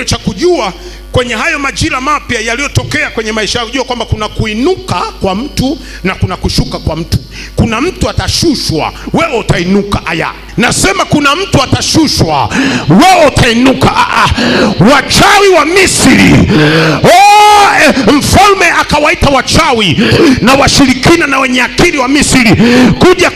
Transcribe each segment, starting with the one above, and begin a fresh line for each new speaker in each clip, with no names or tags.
hiyo cha kujua kwenye hayo majira mapya yaliyotokea kwenye maisha yako, jua kwamba kuna kuinuka kwa mtu na kuna kushuka kwa mtu. Kuna mtu atashushwa, wewe utainuka. Aya, nasema kuna mtu atashushwa, wewe utainuka. Aa, ah, ah. wachawi wa Misri oh, eh, mfalme akawaita wachawi na washirikina na wenye akili wa Misri kuja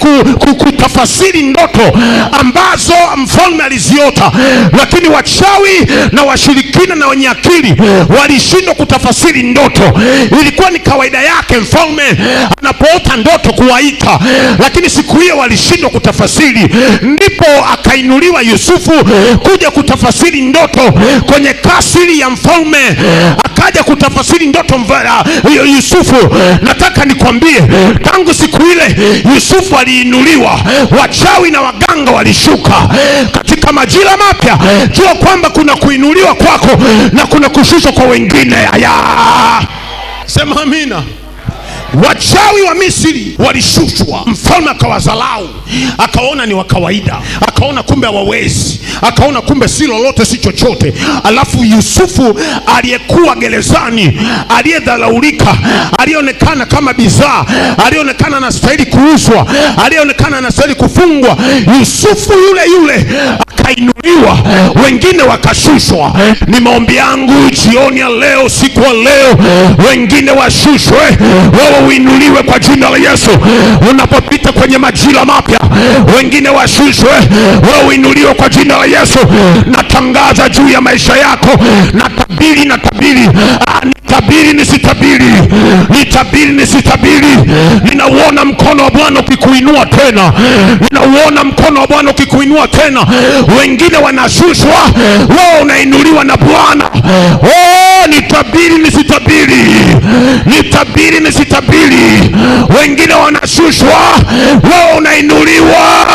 kutafasiri ku, ku, ndoto ambazo mfalme aliziota, lakini wachawi na washirikina na wenye akili walishindwa kutafasiri ndoto. Ilikuwa ni kawaida yake mfalme anapoota ndoto kuwaita vita, lakini siku hiyo walishindwa kutafasiri. Ndipo akainuliwa Yusufu kuja kutafasiri ndoto kwenye kasiri ya mfalme, akaja kutafasiri ndoto mvara. Yusufu, nataka nikwambie, tangu siku ile Yusufu aliinuliwa, wachawi na waganga walishuka katika majira mapya. Jua kwamba kuna kuinuliwa kwako na kuna kushushwa kwa wengine. Aya, sema amina. Wachawi wa Misri walishushwa, mfalme akawadharau, akaona ni wa kawaida, akaona kumbe hawawezi, akaona kumbe si lolote, si chochote. Alafu Yusufu aliyekuwa gerezani, aliyedharaulika, aliyeonekana kama bidhaa, aliyeonekana anastahili kuuzwa, aliyeonekana anastahili kufungwa, Yusufu yule yule wakainuliwa, wengine wakashushwa. Ni maombi yangu jioni ya leo, siku ya leo, wengine washushwe, wewe uinuliwe kwa jina la Yesu. Unapopita kwenye majira mapya, wengine washushwe, wewe uinuliwe kwa jina la Yesu. Natangaza juu ya maisha yako, na na natabiri, ni ah, nitabiri, nisitabiri, ni nisitabiri, nina Bwana ukikuinua tena, ninauona mkono wa Bwana ukikuinua tena. Wengine wanashushwa, wewe unainuliwa na Bwana. Oh, nitabiri nisitabiri, nitabiri nisitabiri. Wengine wanashushwa, wewe unainuliwa.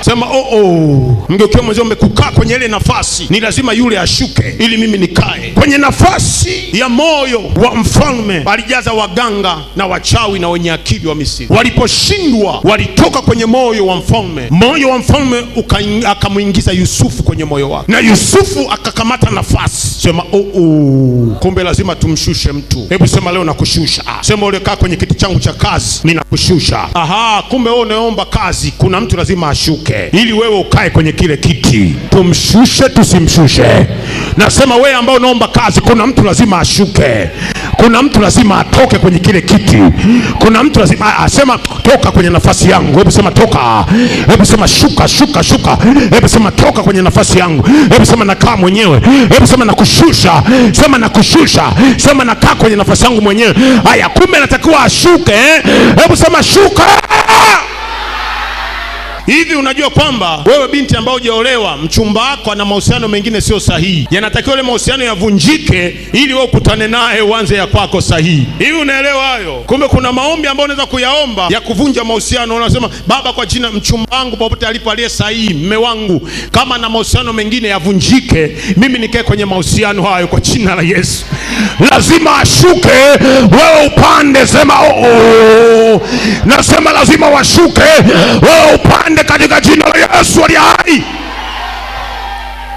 Sema oh oh, mgeukie mwenzio, umekukaa kwenye ile nafasi, ni lazima yule ashuke ili mimi nikae. Kwenye nafasi ya moyo wa mfalme alijaza waganga na wachawi na wenye akili wa Misri. Waliposhindwa walitoka kwenye moyo wa mfalme, moyo wa mfalme akamwingiza Yusufu kwenye moyo wake, na Yusufu akakamata nafasi. Sema oh, oh. Kumbe lazima tumshushe mtu. Hebu sema leo nakushusha. Sema kaa kwenye kiti changu cha kazi, ninakushusha. Aha, kumbe wewe unaomba kazi, kuna mtu lazima ashuke ili wewe ukae kwenye kile kiti. Tumshushe tusimshushe? Nasema wewe ambao unaomba kazi, kuna mtu lazima ashuke, kuna mtu lazima atoke kwenye kile kiti, kuna mtu lazima asema toka kwenye nafasi yangu. Hebu sema toka, hebu sema shuka, shuka, shuka. Hebu sema toka kwenye nafasi yangu, hebu sema nakaa mwenyewe, hebu sema nakushusha, sema nakushusha, sema nakaa kwenye nafasi yangu mwenyewe. Haya, kumbe natakiwa ashuke. Eh? Hebu sema shuka Hivi unajua kwamba wewe binti ambaye hujaolewa, mchumba wako ana mahusiano mengine sio sahihi, yanatakiwa ile mahusiano yavunjike, ili wewe ukutane naye uanze ya kwako sahihi. Hivi unaelewa hayo? Kumbe kuna maombi ambayo unaweza kuyaomba ya kuvunja mahusiano. Unasema, Baba, kwa jina mchumba wangu popote alipo, aliye sahihi, mme wangu, kama na mahusiano mengine yavunjike, mimi nikae kwenye mahusiano hayo kwa jina la Yesu. Lazima ashuke, wewe upande, sema oh nasema lazima washuke, wao upande katika jina la Yesu aliye hai.